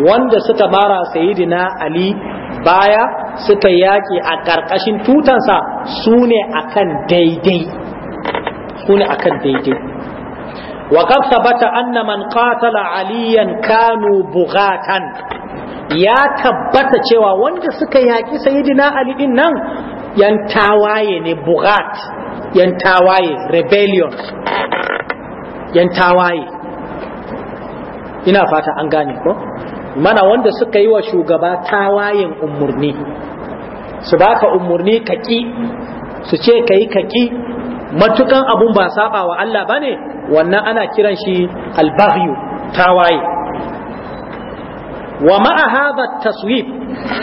wanda suka bara Sayyidina ali baya suka yaƙi a ƙarƙashin tutansa sune akan daidai sune akan daidai وقد ثبت أن من قاتل عليا كانوا ya tabbata cewa wanda suka yaƙi sayidina ali din nan yan tawaye ne bugat yan tawaye rebellion yan tawaye ina fata an gane ko mana wanda suka yi wa shugaba tawayen umarni su baka umarni kaki su ce ka yi kaki matukan abun ba saba wa Allah bane wannan ana kiran shi albaghyu tawaye wa a hadha taswib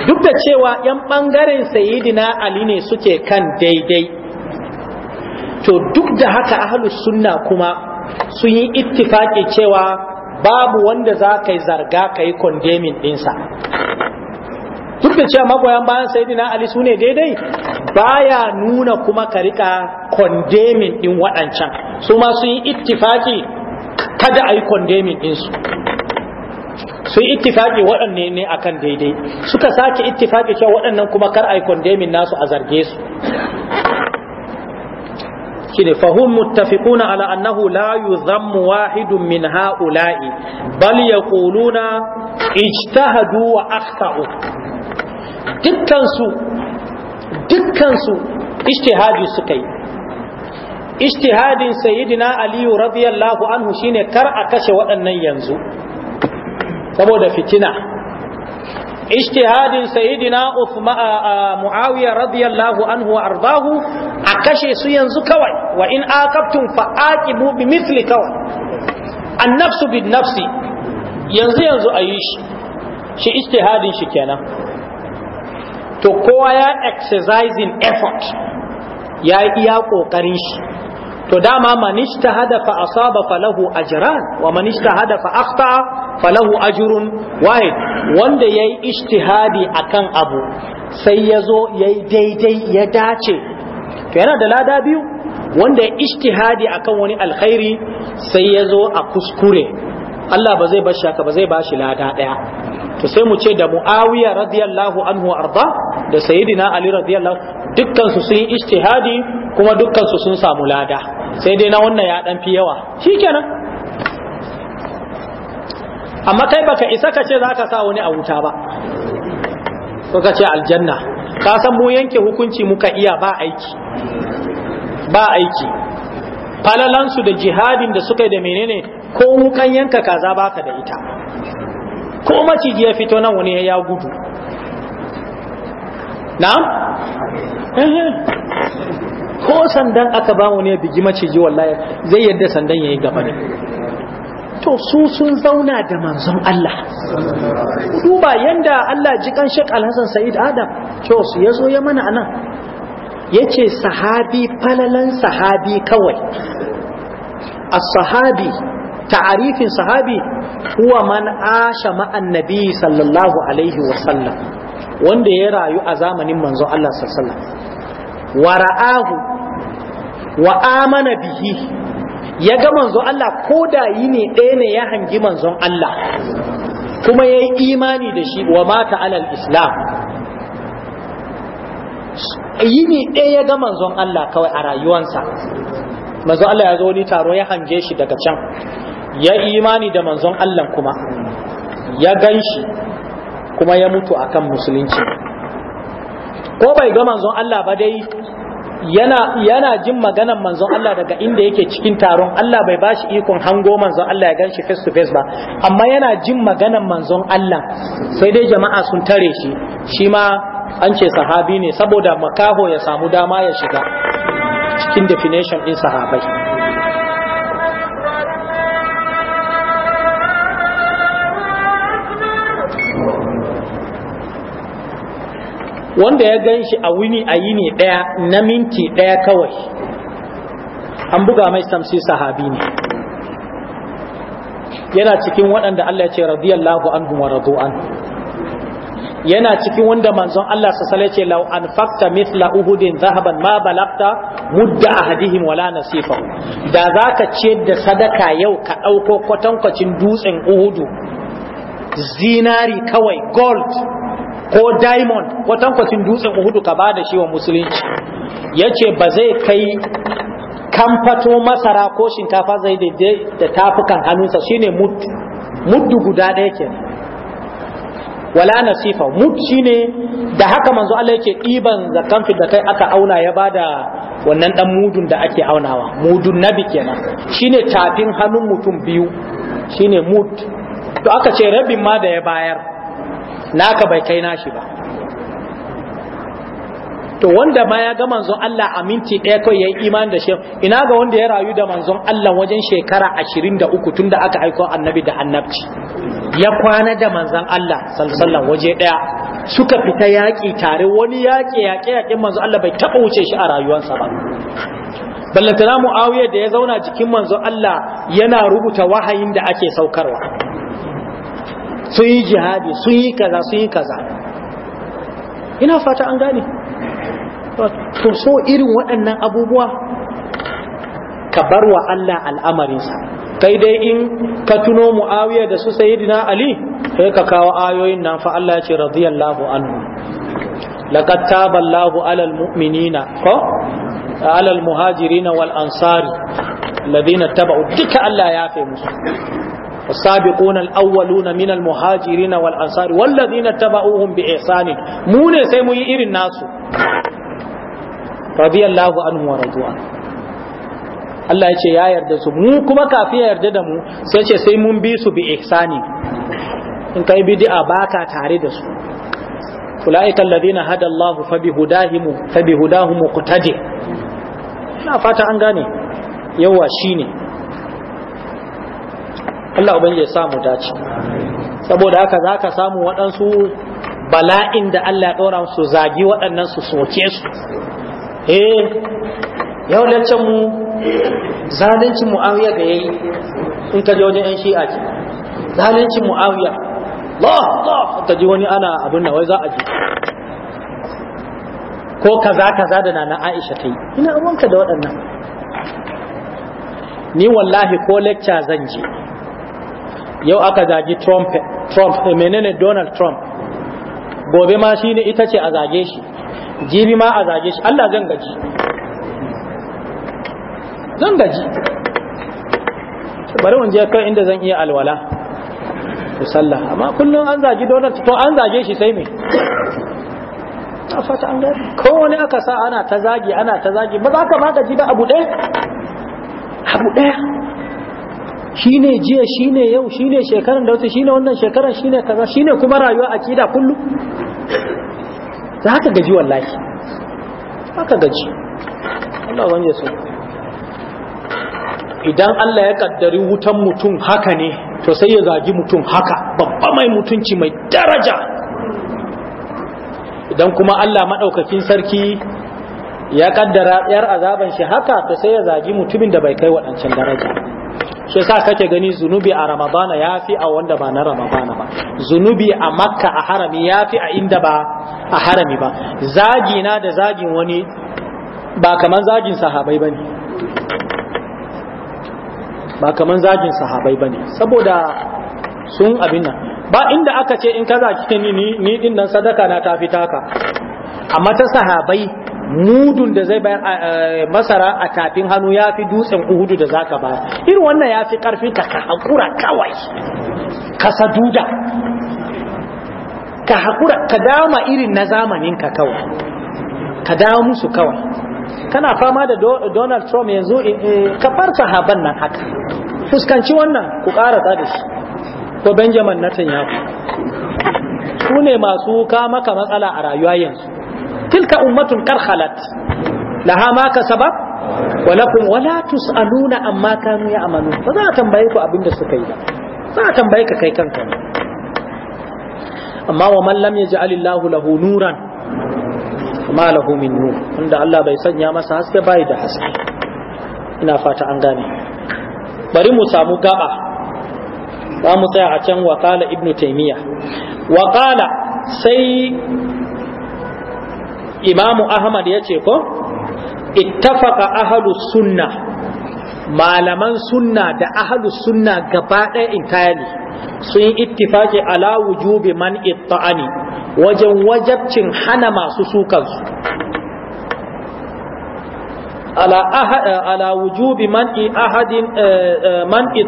duk da cewa yan bangaren sayidina ali ne suke kan daidai to duk da haka ahalus sunna kuma sun yi ittifaki cewa babu wanda za ka yi zarga ka yi kondemin ɗinsa duk da cewa magoyan bayan sayidina ali su ne daidai baya nuna kuma ka rika kondemin ɗin waɗancan su ma sun yi ittifaki kada a yi kondemin ɗinsu sun ittifaki waɗanne ne akan daidai suka sake ittifaki cewa waɗannan kuma kar a yi kondemin nasu a zarge su shine fahum muttafiquna ala annahu la yuzammu wahidun min haula'i bal yaquluna ijtahadu wa akhta'u dukkan su dukkan su ijtihadi suka yi ijtihadin sayyidina ali radiyallahu anhu shine kar a kashe waɗannan yanzu saboda fitina usma a muawiya radiyallahu anhu wa ardahu a kashe su yanzu kawai wa in aqabtum fa aqibu bi mithli kawai an nafsu bi nafsi yanzu yanzu ayi shi shi ijtihadin shi kenan to kowa ya exercising effort ya iya kokarin shi to dama man ijtahada fa asaba falahu ajran wa man ijtahada fa akhta falahu ajrun wahid wanda yayi ijtihadi akan abu sai yazo yayi daidai ya dace to yana da lada biyu wanda ya ijtihadi akan wani alkhairi sai yazo a kuskure Allah ba zai bashi haka ba zai bashi lada daya to sai mu ce da Muawiya radiyallahu anhu arda da Sayyidina Ali radiyallahu dukkan su sun ijtihadi kuma dukkan su sun samu lada sai dai na wannan ya dan fi yawa kenan amma kai baka isa ka ce zaka sa wani a wuta ba ko ka ce aljanna ka san mu yanke hukunci muka iya ba aiki ba aiki falalansu da jihadin da suka yi da menene ko wukan yanka kaza baka da ita ko maciji ya fito nan wani ya gudu na. ko sandan aka ba mu ne bigi maciji wallahi zai yadda sandan yayi gaba ne to su sun zauna da manzon Allah duba yanda Allah ji kan Sheikh Al-Hassan Said Adam to su yazo ya mana anan yace sahabi falalan sahabi kawai as-sahabi ta'arifin sahabi huwa man asha ma'an nabi sallallahu alaihi wa sallam wanda ya rayu a zamanin manzon Allah sallallahu alaihi wa sallam Waraahu wa'amana wa amana bihi ya ga manzon Allah ko da yi ne ɗaya ne ya hangi manzon Allah kuma ya yi imani da shi wa mata alal islam yi ne ɗaya ya ga manzon Allah kawai a rayuwansa manzon Allah ya zo wani taro ya hange shi daga can ya imani da manzon Allah kuma ya gan kuma ya mutu akan musulunci ko bai ga manzon Allah ba dai yana yana jin maganan manzon Allah daga inda yake cikin taron Allah bai bashi ikon hango manzon Allah ya ganshi face to face ba amma yana jin maganan manzon Allah sai dai jama'a sun tare shi shi ma an ce sahabi ne saboda makaho ya samu dama ya shiga cikin definition din sahabai wanda ya gan shi a wuni a yi ne ɗaya na minti ɗaya kawai an buga mai samsi sahabi ne yana cikin waɗanda Allah ya ce radiyallahu anhu wa radu'an yana cikin wanda manzon Allah sa sale ce law anfaqta mithla uhudin zahaban ma balagta mudda ahadihim wala nasifa da zaka ce da sadaka yau ka ɗauko kwatankwacin dutsen uhudu zinari kawai gold ko diamond ko tankwacin dutsen uhudu ka bada shi wa musulunci yace ba zai kai kamfato masara ko shinkafa zai da tafukan hannunsa shine mud muddu guda ɗaya kenan wala nasifa mud shine da haka manzo Allah yake ɗiban zakan da kai aka auna ya bada wannan dan mudun da ake aunawa mudun nabi kenan shine tafin hannun mutum biyu shine mud to aka ce rabin ma da ya bayar naka bai kai nashi ba to wanda ma ya ga manzon Allah a minti ɗaya kai ya yi iman da shi ina ga wanda ya rayu da manzon Allah wajen shekara ashirin da tun aka aiko annabi da annabci ya kwana da manzon Allah sallallahu alaihi waje ɗaya suka fita yaƙi tare wani yaƙi yaƙe yaƙin manzon Allah bai taɓa wuce shi a rayuwarsa ba ballantana mu'awiyar da ya zauna jikin manzon Allah yana rubuta wahayin da ake saukarwa sun yi jihadi sun yi kaza sun yi kaza ina fata an gane to so irin waɗannan abubuwa ka bar wa Allah al'amarinsa kai dai in ka tuno mu'awiya da su sayidina ali sai ka kawo ayoyin nan fa Allah ya ce radiyallahu anhu laqad taba alal mu'minina ko alal muhajirina wal ansari alladhina taba'u duka Allah yafe musu والسابقون الأولون من المهاجرين والأنصار والذين اتبعوهم بإحسان مون سيمو يئر الناس رضي الله عنه ورضوا عنه Allah yace ya yarda su mu kuma kafi ya yarda da mu sai sai mun bi su bi ihsani in kai bid'a baka tare da su ulaika alladhina hada Allah fa bihudahum fa ina fata an gane yawa shine Allah ubangiji ya samu dace saboda haka za ka samu waɗansu bala'in da Allah ya ɗora su zagi waɗannan su soke su eh yau laccan mu zalunci mu'awiya da yayi in ka je wajen yan shi'a ce zalunci mu'awiya Allah Allah ka ji wani ana abin nan wai za a ji ko kaza kaza da nana Aisha ta yi ina abunka da waɗannan ni wallahi ko lecture zan je yau aka zagi trump trump eh, menene donald trump gobe ma shine ita ce a zage shi jibi ma a zage shi allah zan gaji zan gaji bari in je kai inda zan iya alwala ku sallah amma kullum an zagi donald to an zage shi sai me a fata an kowane aka sa ana ta zagi ana ta zagi ba za ka ma gaji ba abu ɗaya abu ɗaya Shi ne jiya shi ne yau shi ne shekaran da shi ne wannan shekaran ne kaza shi ne kuma rayuwa a akida kullum. za ka gaji wallahi za ka gaji Allah wani ya so idan Allah ya kaddari wutan mutum haka ne to sai ya zagi mutum haka babba mai mutunci mai daraja idan kuma Allah maɗaukakin sarki ya kaddara yar azaban shi haka to sai ya zagi mutumin da bai kai waɗancan daraja shi sa kake gani zunubi a ramadana ya fi a wanda ba na ramadana ba zunubi a makka a harami ya fi a inda ba a harami ba zagi na da zagin wani ba kaman zagin sahabai ba ne ba kaman zagin sahabai ba ne saboda sun abin nan ba inda aka ce in ka zaki ni ni din nan sadaka na ta fi taka amma ta sahabai mudun da zai bayar masara a tafin hannu ya fi dutsen uhudu da zaka ba irin wannan ya fi karfi ka hakura kawai ka saduda ka hakura ka dama irin na zamanin ka kawai ka dawo musu kawai kana fama da Donald Trump yanzu eh, eh, ka farta haban nan haka fuskanci wannan ku karasa da shi ko Benjamin Netanyahu su ne masu kama ka matsala a rayuwa yanzu tilka ummatun karhalat laha ma kasabat wa lakum wa la tusaluna amma kanu ya'malun ba za a tambaye ku abin da suka yi ba za a tambayi ka kai kanka ne amma wa man lam yaj'al Allahu lahu nuran ma inda Allah bai sanya masa haske bai da haske ina fata an gane bari mu samu gaɓa. za mu tsaya a can wa qala ibnu taymiya wa sai imamu ahmad ya ce ko ittafaqa ahlus sunna malaman sunna da ahlus sunna gaba ɗaya entirely sun yi ittifaki ala wujubi man itta'ani wajen wajabcin hana masu sukansu ala ala wujubi man'i ahadin man'i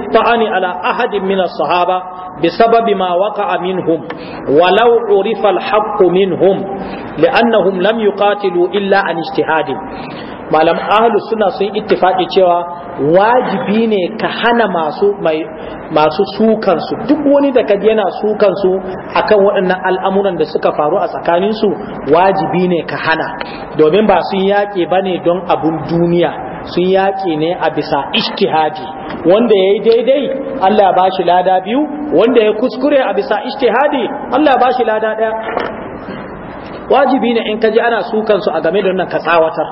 ala ahadin min as-sahaba sababi ma min hum walau urifa al hum minhum li'annahum lam yuqatilu illa an ijtihadin malam ahlu sunna sun ittifaqi cewa wajibi ne ka hana masu masu sukan su duk wani da kaji yana sukan su akan waɗannan al'amuran da suka faru a tsakanin su wajibi ne ka hana domin ba sun yaƙe bane don abun duniya sun yaƙe ne a bisa ishtihadi wanda ya yi daidai Allah ya bashi lada biyu wanda ya kuskure a bisa ishtihadi Allah ya bashi lada ɗaya wajibi ne in ka ji ana sukan su a game da wannan ka tsawatar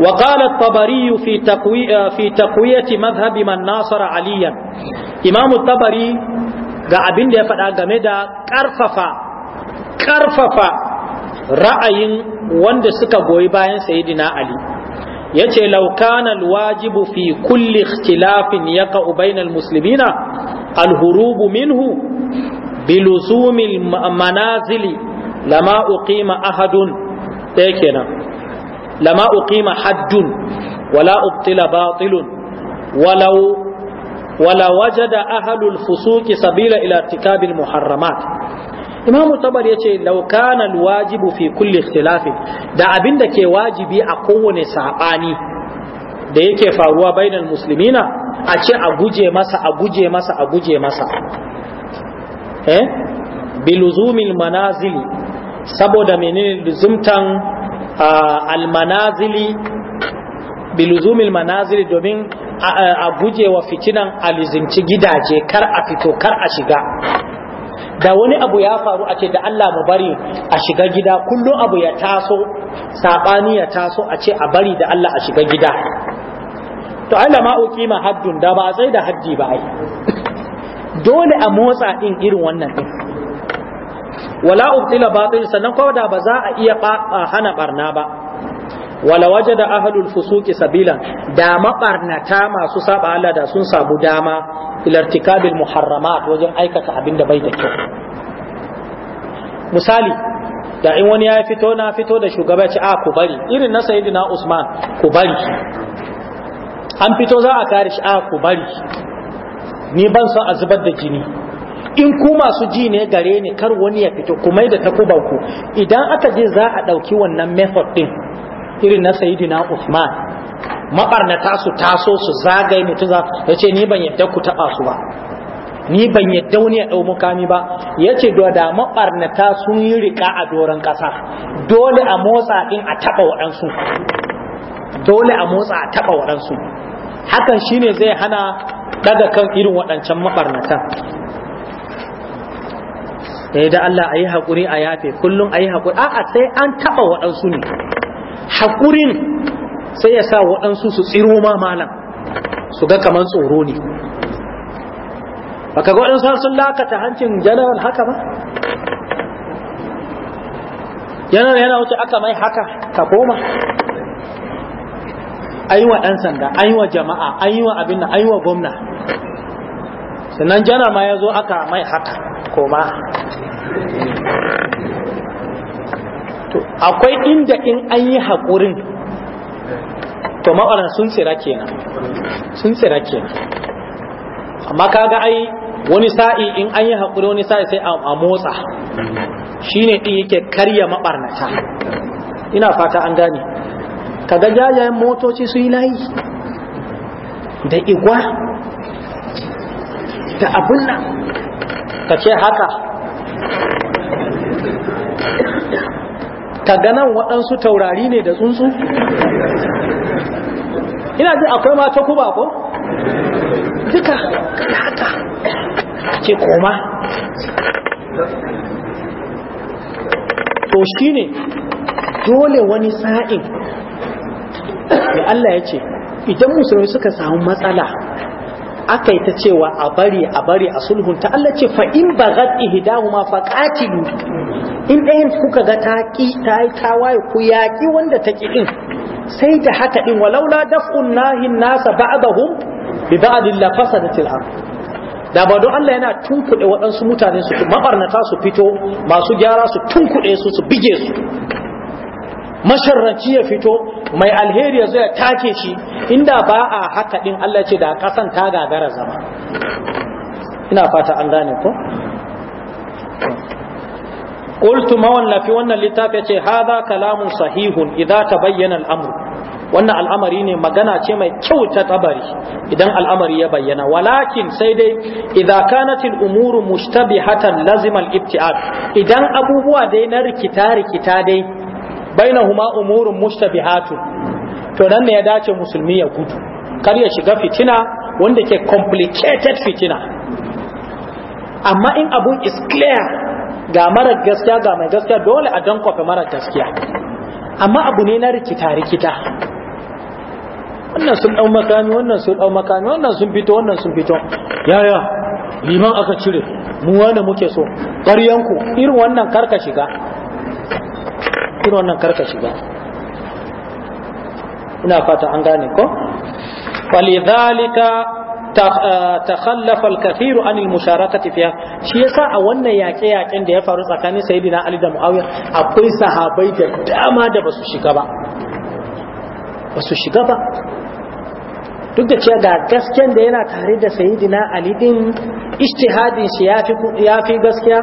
وقال الطبري في تقوية, في تقوية مذهب من ناصر عليا إمام الطبري ga abin da ya faɗa game da ƙarfafa ƙarfafa ra'ayin wanda suka goyi bayan sayidina Ali ya ce laukana alwajibu fi kulli ikhtilafin ya ka'u bainal muslimina alhurubu minhu biluzumin manazili lama uqima ahadun ɗaya kenan lama uqima haddun wala ubtila batilun walau wala wajada ahlul fusuki sabila ila tikabil muharramat imamu tabar yace law kana alwajibu fi kulli ikhtilafin da abinda ke wajibi a kowane saɓani. da yake faruwa bainal musulmina a ce a guje masa a guje masa a guje masa eh biluzumil manazili saboda menene luzumtan almanazili biluzumil manazili domin a guje wa fitinan alizinci gidaje kar a fito kar a shiga da wani abu ya faru a ce da Allah mu bari a shiga gida kullum abu ya taso sabani ya taso a ce a bari da Allah a shiga gida to Allah ma uki ma haddun da ba sai da haddi ba ai dole a motsa din irin wannan din wala ubtila batil sannan ko da ba za a iya hana barna ba wala wajada ahlul fusuki sabila da mabarnata masu saba Allah da sun sabu dama ilartikabil muharramat wajen aikata abin da bai da kyau misali da in wani ya fito na fito da shugaba ce a ah, ku bari irin na sayyidina Usman ku bari an fito za a kare shi a ah, ku bari ni ban san a zubar da jini in ku masu ji ne gare ni kar wani ya fito kumai da takuban ku idan aka je za a ɗauki wannan method ɗin irin na sayidina Usman, mabarnata su taso su zagaye mutum za ya ce ni ban yadda ku taɓa su ba ni ban yadda wani ya ɗau mukami ba ya ce da maɓarnata sun yi riƙa a doron ƙasa dole a motsa ɗin a taɓa waɗansu dole a motsa a taɓa waɗansu hakan shine zai hana daga kan irin waɗancan maɓarnatan yi da Allah ayi hakuri a yafe kullum ayi hakuri a'a sai an taɓa waɗansu ne hakurin sai ya sa waɗansu su tsiro ma malam su ga kamar tsoro ne baka ga waɗansu sun lakata hancin janar haka ba yana yana wuce aka mai haka ka koma ayi wa ɗan sanda wa jama'a ayi wa abin nan wa gwamna sannan jana ma ya zo aka mai haka koma to akwai inda in an yi haƙurin to ma'ana sun tsira kenan sun tsira kenan amma kaga ai wani sa'i in an yi haƙuri wani sa'i sai a motsa shi ne ɗin yake karya mabarnata ina fata an gane kaga jajayen motoci su yi layi da igwa da abin nan ka ce haka ka ganan waɗansu taurari ne da tsuntsu ina ji akwai mata kuba ko duka haka ce koma to shi ne dole wani sa'in da Allah ya ce idan musulmi suka samu matsala aka yi ta cewa a bari a bari a sulhunta Allah ce fa in ba gad ihdahuma fa qatilu in ɗayan kuka ga ta ki ta yi tawaye ku yaƙi wanda ta ki din sai da haka din walaula daf'un nahi nasa ba'dahum bi ba'd la fasadat al da ba don Allah yana tunkuɗe waɗansu mutane su mabarnata su fito masu gyara su tunkuɗe su su bige su masharranci ya fito mai alheri ya zo ya take shi inda ba a haka din Allah ce da kasan ta gagara zama ina fata an gane ko qultu mawallafi wannan littafi ce haza kalamun sahihun idza tabayyana al-amr wannan al'amari ne magana ce mai kyau ta tabari idan al'amari ya bayyana walakin sai dai idza kanatil umuru mushtabihatan lazima al-ibtiab idan abubuwa dai na rikita rikita dai bainahuma umurun mushtabihatun to nan ne ya dace musulmi ya gudu kar ya shiga fitina wanda ke complicated fitina amma in abun is clear ga mara gaskiya ga mai gaskiya dole a don kofe mara gaskiya amma abu ne na rikita rikita wannan sun dau makami wannan sun dau makami wannan sun fito wannan sun fito yaya liman aka cire mu wane muke so ƙaryanku irin wannan karka shiga irin wannan karka shiga ina fata an gane ko falidhalika eh, takhallafa al-kathiru an al-musharakati fiha shi yasa a wannan yaƙe yaƙen da ya faru tsakanin sayyidina Ali da Muawiya akwai sahabai da dama da basu shiga ba basu shiga ba duk da cewa ga gasken da yana tare da sayyidina Ali din ijtihadin shi yafi yafi gaskiya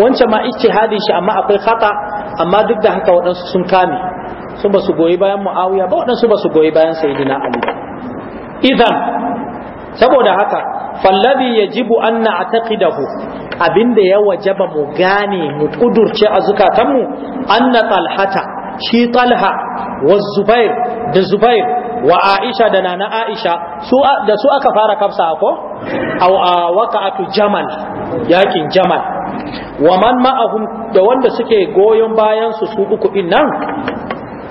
wancan ma ijtihadin shi amma akwai khata amma duk da haka waɗansu sun kame su ba su goyi bayan mu'awiya ba waɗansu ba su goyi bayan sayyidina ali idan saboda haka fallabi yajibu an na'taqidahu abinda ya wajaba mu gane mu kudurce a zukatanmu anna talhata shi talha wa zubair da zubair wa aisha da nana aisha da su aka fara kafsa ko a waqa'atu jamal yakin jamal wa man ma'ahum da wanda suke goyon bayan su su uku din nan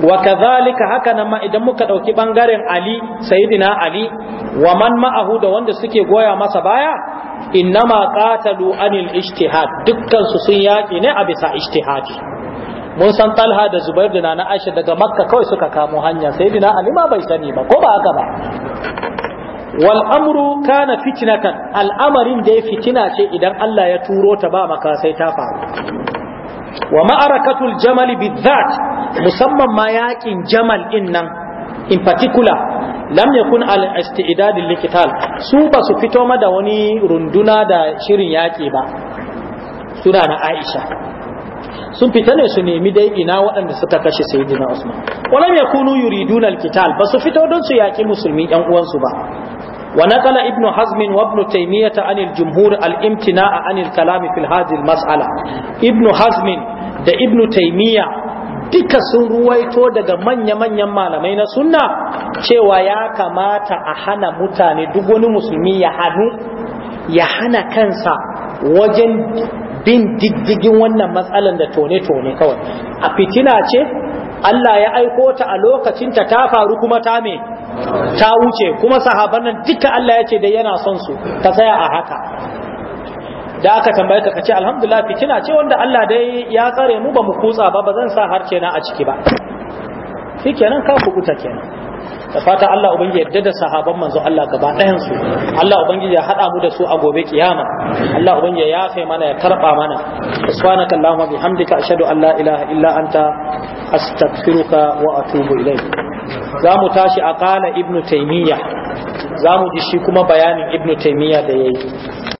wa kadhalika haka nan ma idan muka dauki bangaren Ali sayyidina Ali wa man ma'ahu da wanda suke goya masa baya innama qatalu anil ijtihad dukkan su sun yaki ne a bisa ijtihadi mun san Talha da Zubair da Nana Aisha daga Makka kawai suka kamo hanya sayyidina Ali ma bai sani ba ko ba haka ba wal amru kana fitnatan al'amarin da ya fitina ce idan Allah ya turo ta ba maka sai ta faru wa ma'arakatul jamal bizat musamman ma yakin jamal din nan in particular lam yakun al istidad lil su ba su fito ma da wani runduna da shirin yaki ba suna na Aisha sun fita ne su nemi dai ina waɗanda suka kashe sayyidina Usman walam yakunu al qital ba su fito don su yaki musulmi ɗan uwansu ba ونقل ابن حزم وابن تيمية عن الجمهور الامتناع عن الكلام في هذه matsala. Ibnu Hazmin da Ibnu Taimiyya duka sun ruwaito daga manya-manyan malamai na sunna cewa ya kamata a hana mutane duk wani musulmi ya hannu ya hana kansa wajen bin diddigin wannan matsalan da tone-tone kawai a fitina ce Allah ya aiko ta a lokacin ta ta faru kuma ta me ta wuce kuma sahaban nan duka Allah ya ce da yana son su ka tsaya a haka da aka tambaye ka kace alhamdulillah kina ce wanda Allah dai ya tsare mu ba mu kutsa ba ba zan sa harce na a ciki ba shikenan ka kuta kenan da fata Allah ubangiji yadda da sahaban manzo Allah gaba ɗayan su Allah ubangiji ya hada mu da su a gobe kiyama Allah ubangiji ya yafe mana ya karba mana subhanaka allahumma bihamdika ashhadu an la ilaha illa anta astaghfiruka wa atubu ilayk za mu tashi a ƙana ibnu taimiyya za mu ji shi kuma bayanin ibnu taimiyya da ya yi